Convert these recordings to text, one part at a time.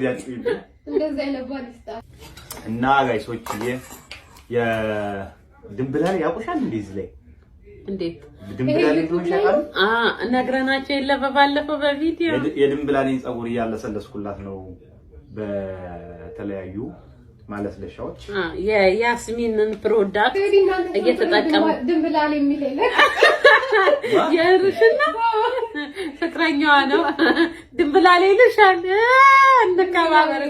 ወዲያ ጩይብኝ እና ጋይሶችዬ የድንብላል ያውቁሻል እንዴ? እዚህ ላይ እንዴት ድንብላል ይወሻል? አአ ነግረናቸው የለ በባለፈው በቪዲዮ የድንብላልን ፀጉር እያለሰለስኩላት ነው በተለያዩ ማለስለሻዎች የያስሚንን ፕሮዳክት እየተጠቀሙ ድንብላል የሚል የእርሽና ፍቅረኛዋ ነው። ድንብላል ይልሻል። እንከባበር።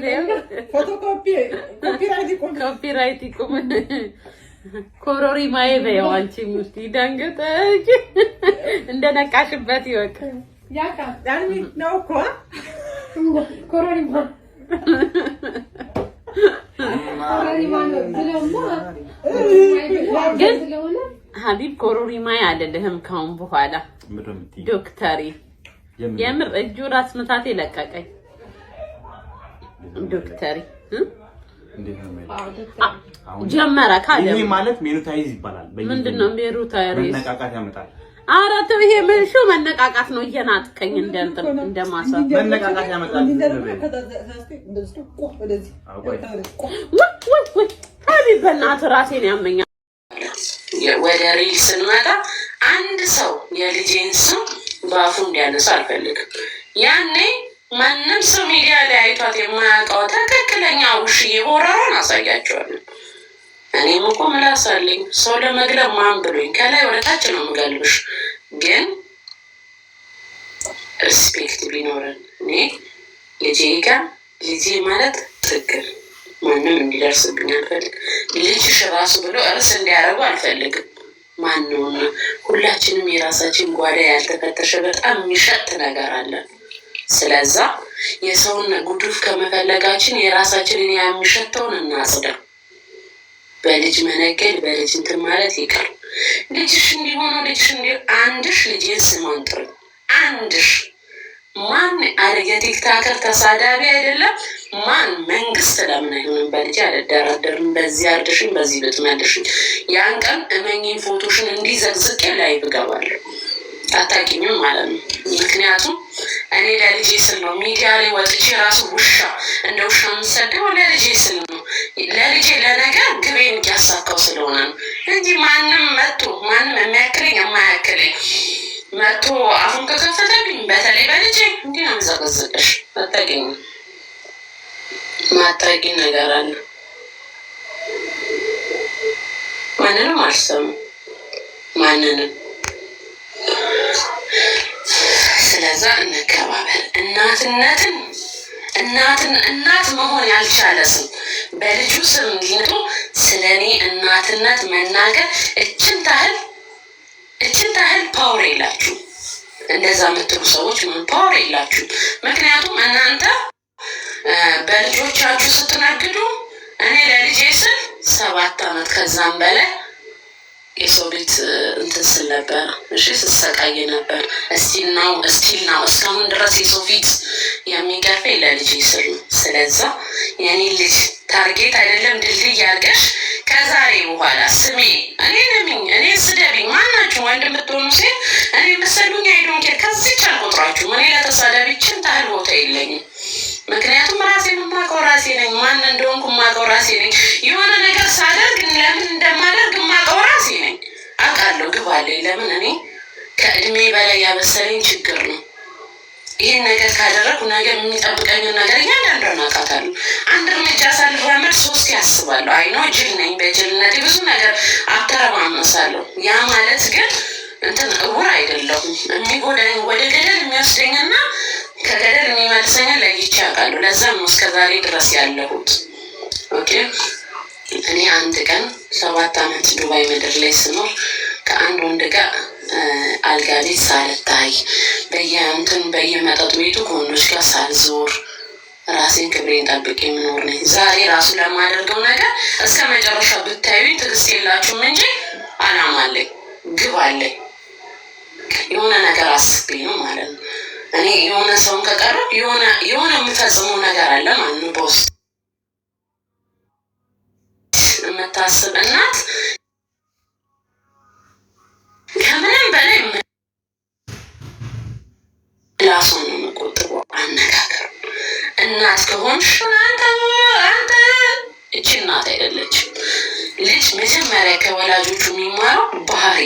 ኮፒራይት ይቁም። ኮሮሪማዬ በይው። አንቺም ውስጥ ይደንገጠች እንደነቃሽበት ይወቅ። ያካ ዳሚ ነው እኮ ኮሮሪማ ግን ሀቢብ ኮሮሪማ አይደለህም ካሁን በኋላ ዶክተሬ። የምር እጁ ራስ ምታቴ ለቀቀኝ ዶክተሬ ጀመረ ካለ ይሄ ማለት ሜኖታይዝ ይባላል። ምንድን ነው ሜኖታይዝ? መነቃቃት ያመጣል። ኧረ ተው፣ ይሄ ምን ሹ መነቃቃት ነው። እየናጥቀኝ እንደ እንትን እንደ ማሰብ መነቃቃት ያመጣል። ወይ በእናትህ ራሴን ያመኛል። ወደ ሪል ስንመጣ አንድ ሰው የልጄን ስም በአፉ እንዲያነሳ አልፈልግም። ያኔ ማንም ሰው ሚዲያ ላይ አይቷት የማያውቀው ትክክለኛ ውሽዬ ሆረሯን አሳያቸዋለን። እኔም እኮ ምላስ አለኝ። ሰው ለመግለብ ማን ብሎኝ ከላይ ወደ ታች ነው የምገልብሽ። ግን ሪስፔክት ቢኖረን እኔ ልጄ ጋር ልጄ ማለት ችግር ማንም እንዲደርስብኝ አልፈልግም። ልጅሽ ራሱ ብሎ እርስ እንዲያረጉ አልፈልግም። ማንውና ሁላችንም የራሳችን ጓዳ ያልተፈተሸ በጣም የሚሸት ነገር አለን። ስለዛ የሰውን ጉዱፍ ከመፈለጋችን የራሳችንን ያሚሸተውን እናጽዳ። በልጅ መነገድ በልጅ እንትን ማለት ይቀር። ልጅሽ እንዲሆነ ልጅሽ እንዲ አንድሽ ልጅ ስሙን ጥሪ አንድሽ ማን አለ የቲክታከር ተሳዳቢ አይደለም ማን መንግስት ለምን አይሆንም? በልጅ አልደራደርም። በዚህ አርድሽን በዚህ ብትመልሽኝ፣ ያን ቀን እመኝን ፎቶሽን እንዲዘግዝቄ ላይ ብገባለሁ። አታውቂኝም ማለት ነው። ምክንያቱም እኔ ለልጄ ስል ነው ሚዲያ ላይ ወጥቼ ራሱ ውሻ እንደ ውሻ የምሰደው ለልጄ ስል ነው። ለልጄ ለነገር ግቤን እያሳካው ስለሆነ ነው እንጂ ማንም መቶ ማንም የሚያክለኝ የማያክለኝ መቶ አሁን ከከፈተብኝ በተለይ በልጄ እንዲ ነው ዘቅዝቅሽ አታውቂኝ ማታውቂ ነገር አለ ማንንም አልሰሙ ማንንም ስለዛ እንከባበር። እናትነትን እናትን እናት መሆን ያልቻለ ስም በልጁ ስም እንዲነጡ ስለ እኔ እናትነት መናገር እችን ታህል እችን ታህል ፓወር የላችሁ። እንደዛ የምትሉ ሰዎች ምን ፓወር የላችሁ። ምክንያቱም እናንተ በልጆቻችሁ ስትነግዱ እኔ ለልጄ ስል ሰባት አመት ከዛም በላይ የሰው ቤት እንትን ስል ነበር። እሺ ስሰቃየ ነበር። እስቲል ናው እስቲል ናው እስካሁን ድረስ የሰው ፊት የሚገርፈኝ ለልጅ ስል ነው። ስለዛ የኔ ልጅ ታርጌት አይደለም ድልድይ ያርገሽ። ከዛሬ በኋላ ስሜ እኔ ነሚኝ እኔ ስደቢ ማናችሁ ወንድ የምትሆኑ ሴት እኔ ምሰሉኝ አይዶንኬር ከዚች አልቆጥራችሁም። እኔ ለተሳዳቢችን ታህል ቦታ የለኝም ምክንያት ራሴ ነኝ። ማን እንደሆንኩ ማቀው ራሴ ነኝ። የሆነ ነገር ሳደርግ ለምን እንደማደርግ ማቀው ራሴ ነኝ። አውቃለሁ፣ ግብ ለምን እኔ ከእድሜ በላይ ያበሰለኝ ችግር ነው። ይህን ነገር ካደረግኩ ነገር የሚጠብቀኝን ነገር እያንዳንዷን አውቃታለሁ። አንድ እርምጃ ሳልራመድ ሶስት ያስባለሁ። አይኖ ጅል ነኝ። በጅልነቴ ብዙ ነገር አተረማመሳለሁ። ያ ማለት ግን እንትን እውር አይደለሁም። የሚጎዳኝ ወደ ገደል የሚወስደኝና ከገደል የሚመልሰኝ ለይቼ አውቃለሁ። ለዛም ነው ዛሬ ድረስ ያለሁት። ኦኬ እኔ አንድ ቀን ሰባት ዓመት ዱባይ ምድር ላይ ስኖር ከአንድ ወንድ ጋር አልጋ ቤት ሳልታይ በየእንትን በየመጠጥ ቤቱ ከወንዶች ጋር ሳልዞር ራሴን ክብሬን ጠብቅ የምኖር ነኝ። ዛሬ ራሱ ለማደርገው ነገር እስከ መጨረሻ ብታዩኝ ትዕግስት የላችሁም እንጂ አላማ አለኝ፣ ግብ አለኝ። የሆነ ነገር አስቤ ነው ማለት ነው። እኔ የሆነ ሰውን ከቀረብ የሆነ የምፈጽመው ነገር አለ ማለት ነው። በውስጥ የምታስብ እናት ከምንም በላይ ላሷ ነው መቆጥቦ አነጋገር እናት ከሆንሽ አንተ አንተ እቺ እናት አይደለችም። ልጅ መጀመሪያ ከወላጆቹ የሚማረው ባህሪ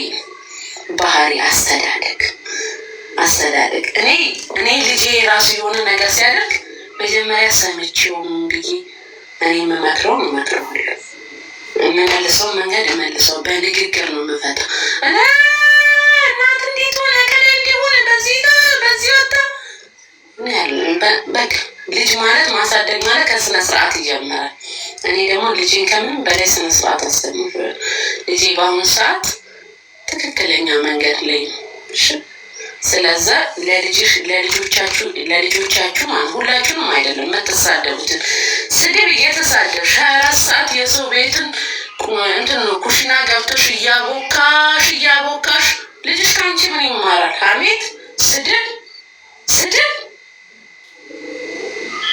ባህሪ አስተዳደግ አስተዳደግ እኔ እኔ ልጄ የራሱ የሆነ ነገር ሲያደርግ መጀመሪያ ሰምቼውም ብዬ እኔ የምመክረው የምመክረው የምመልሰው መንገድ የመልሰው በንግግር ነው የምፈታው። እናት እንዴት ሆነ ከላይ እንዲሆነ በዚህ በዚህ ወጣ በቃ ልጅ ማለት ማሳደግ ማለት ከስነ ስርዓት ይጀምራል። እኔ ደግሞ ልጅን ከምን በላይ ስነ ስርዓት አሰሙ ልጄ በአሁኑ ሰዓት ትክክለኛ መንገድ ላይ ነው። ስለዛ ለልጆቻችሁ ለልጆቻችሁ ማለት ሁላችሁንም አይደለም የምትሳደቡትን ስድብ እየተሳደብሽ ሀያ አራት ሰዓት የሰው ቤትን እንትን ነው ኩሽና ገብተሽ እያቦካሽ እያቦካሽ ልጅሽ ከአንቺ ምን ይማራል? አቤት ስድብ ስድብ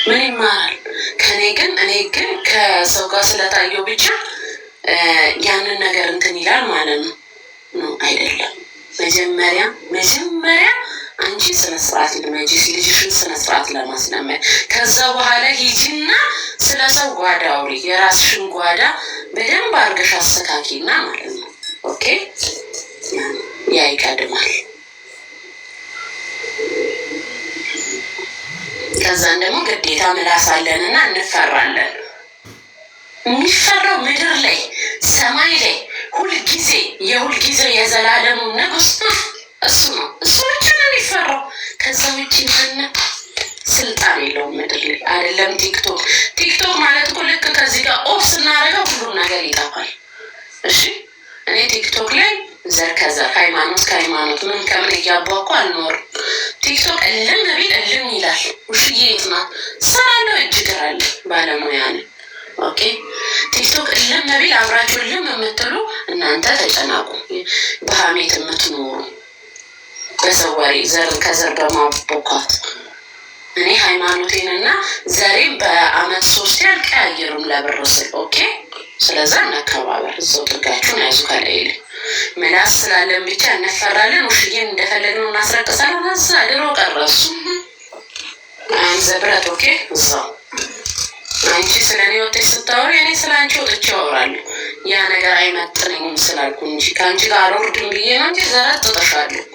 ምን ይማራል? ከእኔ ግን እኔ ግን ከሰው ጋር ስለታየው ብቻ ያንን ነገር እንትን ይላል ማለት ነው። አይደለም መጀመሪያ መጀመሪያ አንቺ ስነስርዓት ልመጂ ልጅሽን ስነስርዓት ለማስለመድ ከዛ በኋላ ሂጂና ስለ ሰው ጓዳ አውሪ። የራስሽን ጓዳ በደንብ አድርገሽ አስተካኪና ማለት ነው። ኦኬ፣ ያ ይቀድማል። ከዛን ደግሞ ግዴታ ምላስ አለንና እንፈራለን። የሚፈራው ምድር ላይ ሰማይ ላይ ሁልጊዜ የሁልጊዜ የዘላለሙ ንጉስ እሱ ነው። እሱ ብቻ ነው የሚፈራው። ከዛ ውጭ ማነ ስልጣን የለውም ምድር ላይ አይደለም። ቲክቶክ ቲክቶክ ማለት እኮ ልክ ከዚህ ጋር ኦፍ ስናደርገው ሁሉም ነገር ይጠፋል። እሺ እኔ ቲክቶክ ላይ ዘር ከዘር ሃይማኖት ከሃይማኖት ምን ከምን እያቧኩ አልኖርም። ቲክቶክ እልም ቢል እልም ይላል። ውሽዬ የት ናት? ሰራለው እጅግራለ ባለሙያ ነው ኦኬ ቲክቶክ እልም ቢል አብራችሁ እልም የምትሉ እናንተ ተጨናቁ። በሀሜት የምትኖሩ በሰው ወሬ ዘር ከዘር በማቦካት እኔ ሃይማኖቴን እና ዘሬን በአመት ሶስት ያል ቀያየሩም ለብር ስል ኦኬ። ስለዛ እናከባበር። እዛው ጥጋችሁን ያዙ። ከላይል ምላስ ስላለን ብቻ እንፈራለን። ውሽዬን እንደፈለግነው እናስረቅሳለን። እዛ ድሮ ቀረሱ አንዘብረት ኦኬ እዛው አንቺ ስለ እኔ ወጥተሽ ስታወሪ እኔ ስለ አንቺ ወጥቼ አወራለሁ። ያ ነገር አይመጥነኝም ስላልኩ እንጂ ከአንቺ ጋር አልወርድም ብዬ ነው እንጂ ዘረት ጥጠሻለሁ።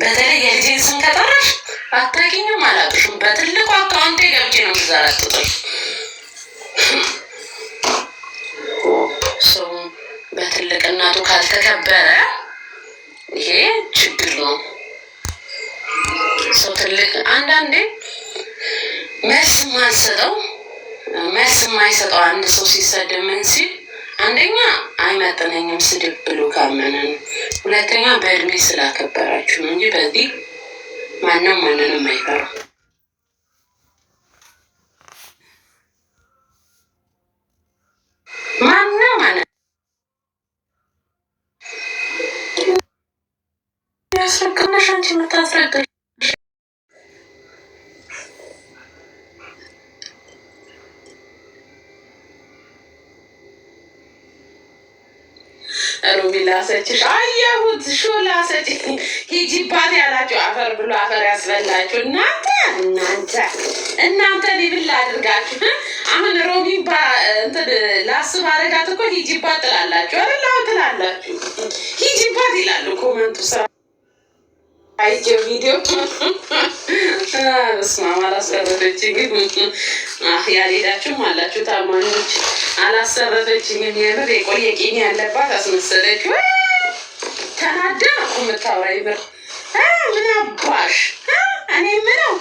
በተለይ የልጄን ስም ከጠራሽ አታውቂኝም፣ አላውቅሽም። በትልቁ አካውንቴ ገብቼ ነው ዘረት ጥጠሽ ሰው በትልቅነቱ ካልተከበረ ይሄ ችግር ነው። ሰው ትልቅ አንዳንዴ መልስ ማንሰጠው መልስ የማይሰጠው አንድ ሰው ሲሰድብ ምን ሲል አንደኛ አይመጥነኝም ስድብ ብሎ ካመነ ሁለተኛ በእድሜ ስላከበራችሁ ነው እንጂ በዚህ ማንም ማንንም አይፈራም። ማንም ማን ያስረክነሽ አንቺ የምታስረግር እምቢ ላሰችሽ አየሁት ሾላ ሰች ሂጂባት ያላችሁ አፈር ብሎ አፈር ያስበላችሁ እናንተ እናንተ እናንተ ሊብል አድርጋችሁ አሁን ሮሚ ላስብ አረጋት እኮ ሂጂባት ትላላችሁ አይደል? ትላላችሁ ሂጂባት ይላሉ ኮመንቱ ስራ አይቼ ቪዲዮ ስማ ያልሄዳችሁም አላችሁ ታማኞች፣ አላሰረተችኝም። የምር የቆየ ቂም ያለባት አስመሰለች። ተናዳ እኮ የምታወራ ይምር ምን አባሽ እኔ ምነው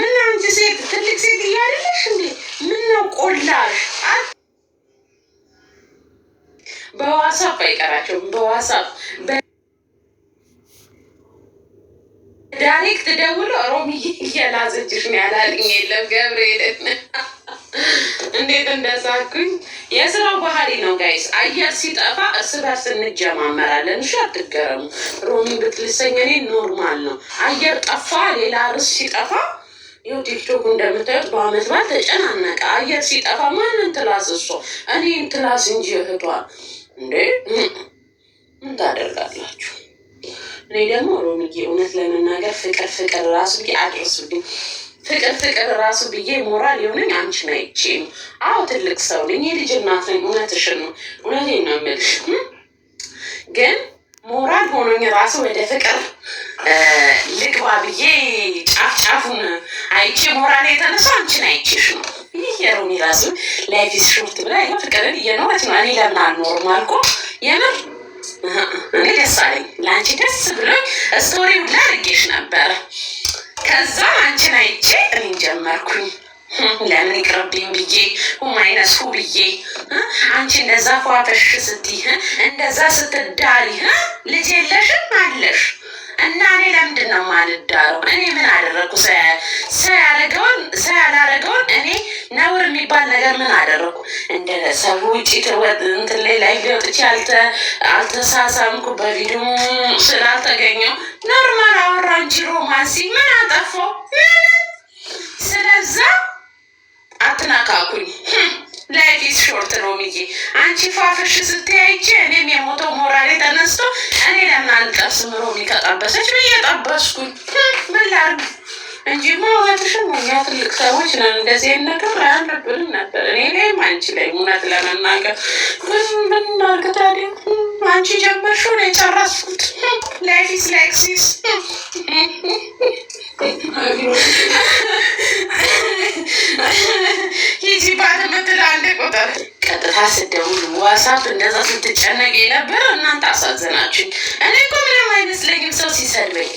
ምን አንቺ ሴት ትልቅ ሴት እያደለሽ እንዴ ምን ነው ቆላሽ? በዋሳፕ አይቀራቸውም በዋሳፕ ዳይሬክት ደውሎ ሮሚ እየላዘችሽ ነው ያላልኝ የለም። ገብርኤልን እንዴት እንደሳኩኝ የስራው ባህሪ ነው ጋይስ። አየር ሲጠፋ እርስ በርስ እንጀማመራለን። እሺ አትገረሙ። ሮሚ ብትልሰኝ እኔ ኖርማል ነው። አየር ጠፋ፣ ሌላ ርስ ሲጠፋ ይኸው ቲክቶክ እንደምታዩት በአመት በዓል ተጨናነቀ። አየር ሲጠፋ ማንን ትላስ? እሷ እኔን ትላስ እንጂ እህቷ እንዴ ምን ታደርጋላችሁ? እኔ ደግሞ ሮሚጌ እውነት ለመናገር ፍቅር ፍቅር ራሱ ብዬ አድርሱልኝ ፍቅር ፍቅር ራሱ ብዬ ሞራል የሆነኝ አንቺን አይቼ ነው። አዎ ትልቅ ሰው ነኝ፣ የልጅ እናት ነኝ። እውነትሽን ነው፣ እውነቴን ነው የምልሽ። ግን ሞራል ሆኖኝ ራሱ ወደ ፍቅር ልግባ ብዬ ጫፍ ጫፉን አይቼ ሞራል የተነሳ አንቺን አይቼሽ ነው። ይህ የሮሚ ራሱ ላይፍ ኢዝ ሾርት ብላ ፍቅርን እየኖረች ነው። እኔ ለምን አልኖርም አልኩ የምር እኔ ደስ አለኝ፣ ለአንቺ ደስ ብሎኝ ስቶሪው ላይ ነበረ። ከዛ አንቺን አይቼ እኔን ጀመርኩኝ። ለምን ይቅርብኝ ብዬ ሁማይነስ ሁ ብዬ አንቺ እንደዛ ፏፈሽ ስትይ እንደዛ ስትዳሪ ልጅ የለሽም አለሽ እና እኔ ለምንድን ነው የማልዳረው? እኔ ምን አደረግኩ? ሰው ያደረገውን ያላደረገውን እኔ ነውር የሚባል ነገር ምን አደረግኩ? እንደ ሰው ውጭ እንትን ላይ ወጥቼ አልተሳሳምኩ፣ በቪዲዮ ስላልተገኘው ኖርማል አወራ እንጂ ሮማንሲ ምን አጠፋው? ስለዛ አትናካኩኝ። ላይፍ ኢዝ ሾርት ነው ሚዬ። አንቺ ፋፍሽ ስትያይቼ እኔም የሞተው ሞራሌ ተነስቶ እኔ ለምን አንጠብስም ሮሚ ከጠበሰች ብዬ ጠበስኩኝ። ምን ላድርግ እንጂ ማወትሽን እኛ ትልቅ ሰዎች ነን፣ እንደዚህ አይነት ነገር አያለብንም ነበር። እኔ ላይም አንቺ ላይ እውነት ለመናገር ምን ብናርግ ታዲያ አንቺ ጀመርሽው ነው የጨረስኩት። ላይፍ ኢዝ ላይክ ሲስ ሂጂባት ምት ነበር። ቀጥታ ስደውል ዋሳፕ እንደዛ ስትጨነቅ የነበረ እናንተ አሳዘናችሁኝ። እኔ እኮ ምንም አይመስለኝም ሰው ሲሰድበኝ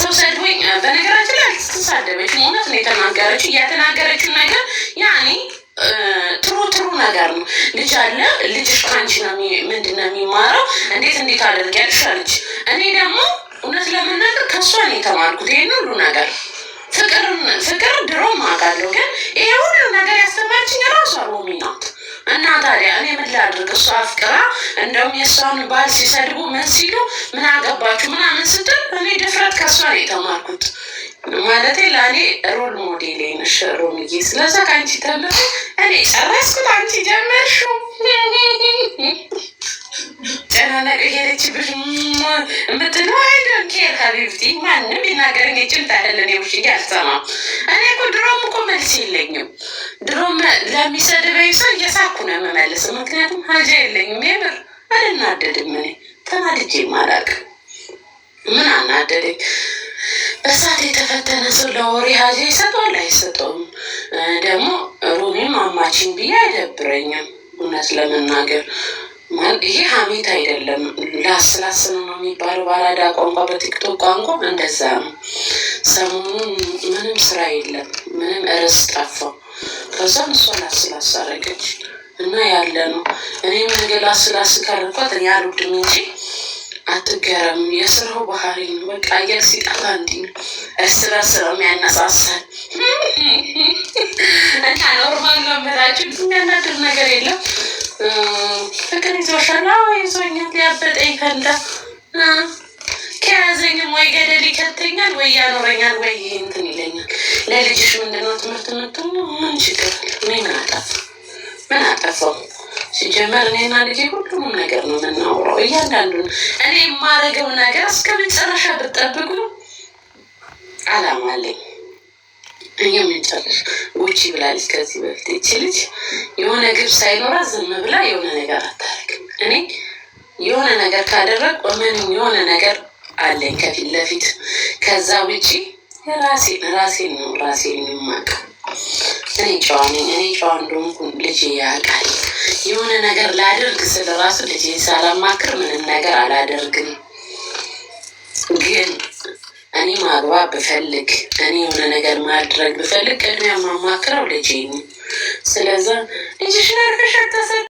ሰው ሰድበኝ። በነገራችን ላይ አልተሳደበችም፣ እውነት ነው የተናገረችው። እያተናገረችው ነገር ያኔ ጥሩ ጥሩ ነገር ነው። ልጅ አለ ልጅሽ ከአንቺ ነው ምንድን ነው የሚማረው እንዴት እንዴት አድርጊያለሽ አለች። እኔ ደግሞ እውነት ለመናገር ከእሷ ነው የተማርኩት ይህን ሁሉ ነገር ፍቅር ድሮ ማውቃለሁ፣ ግን ይሄ ሁሉ ነገር ያስተማርችኝ ራሷ ሮሚ ነው። እና ታዲያ እኔ ምን ላድርግ? እሱ አፍቅራ እንደውም የእሷን ባል ሲሰድቡ ምን ሲሉ ምን አገባችሁ ምናምን ስትል እኔ ድፍረት ከእሷ ነው የተማርኩት። ማለት ለእኔ ሮል ሞዴል ነሽ ሮምዬ። ስለዛ ከአንቺ ተምር። እኔ ጨረስኩት፣ አንቺ ጀመርሽው። ጨናነቅ ሄደች ብሽ የምትለው አይደል? ኬር ሀቢብቲ ማንም ይናገረኝ ጭምት አይደለን ውሽ አልሰማም። እኔ እኮ ድሮም እኮ መልስ የለኝም ድሮም ለሚሰድበኝ ሰው እየሳኩ ነው የምመልሰው። ምክንያቱም ሀጃ የለኝም። የምር አልናደድም። እኔ ተናድጄ ማላቅ ምን አናደደኝ። በሳት የተፈተነ ሰው ለወሬ ሀጃ ይሰጠዋል አይሰጠውም? ደግሞ ሩሚም አማችን ብዬ አይደብረኝም። እውነት ለመናገር ይሄ ሀሜት አይደለም። ላስላስ ነው የሚባለው ባራዳ ቋንቋ፣ በቲክቶክ ቋንቋ እንደዛ ነው። ሰሞኑን ምንም ስራ የለም። ምንም እርስ ጠፋው። ከዛም እሷን ላስላስ አረገች እና ያለ ነው። እኔም ነገ ላስላስ ካረኳት እኔ አልወድም እንጂ አትገረም። የስራው ባህሪ ነው። በቃ አየር ሲጠፋ እንዲህ ነው። እስራ ስራ ነው የሚያነሳሳል እና ኖርማል ነው የምላችሁ። የሚያናድር ነገር የለም። ፍቅር ይዞሻል ይዞኛል ያበጠ ይፈንዳ ወይ ገደል ይከተኛል፣ ወይ ያኖረኛል፣ ወይ እንትን ይለኛል። ለልጅሽ ምንድነው ትምህርት ምትሙ? ምን ችግር ምን አጠፍ ምን አጠፈው? ሲጀመር እኔና ልጅ ሁሉም ነገር ነው የምናውረው። እያንዳንዱን እኔ የማደርገው ነገር እስከ መጨረሻ ብጠብቁ አላማ አለኝ። የመጨረሻ ውጭ ብላለች ከዚህ በፊት ይቺ ልጅ የሆነ ግብ ሳይኖራ ዝም ብላ የሆነ ነገር አታደርግም። እኔ የሆነ ነገር ካደረግ ምንም የሆነ ነገር አለኝ ከፊት ለፊት። ከዛ ውጪ ራሴን ራሴን ነው ራሴን የማውቅ እኔ ጨዋ ነኝ። እኔ ጨዋ እንደሆንኩ ልጄ ያውቃል። የሆነ ነገር ላደርግ ስለ ራሱ ልጄ ሳላማክር ምንም ነገር አላደርግም። ግን እኔ ማግባት ብፈልግ እኔ የሆነ ነገር ማድረግ ብፈልግ ቅድሚያ ማማክረው ልጄ ነው። ስለዛ ልጅሽን አርፈሽ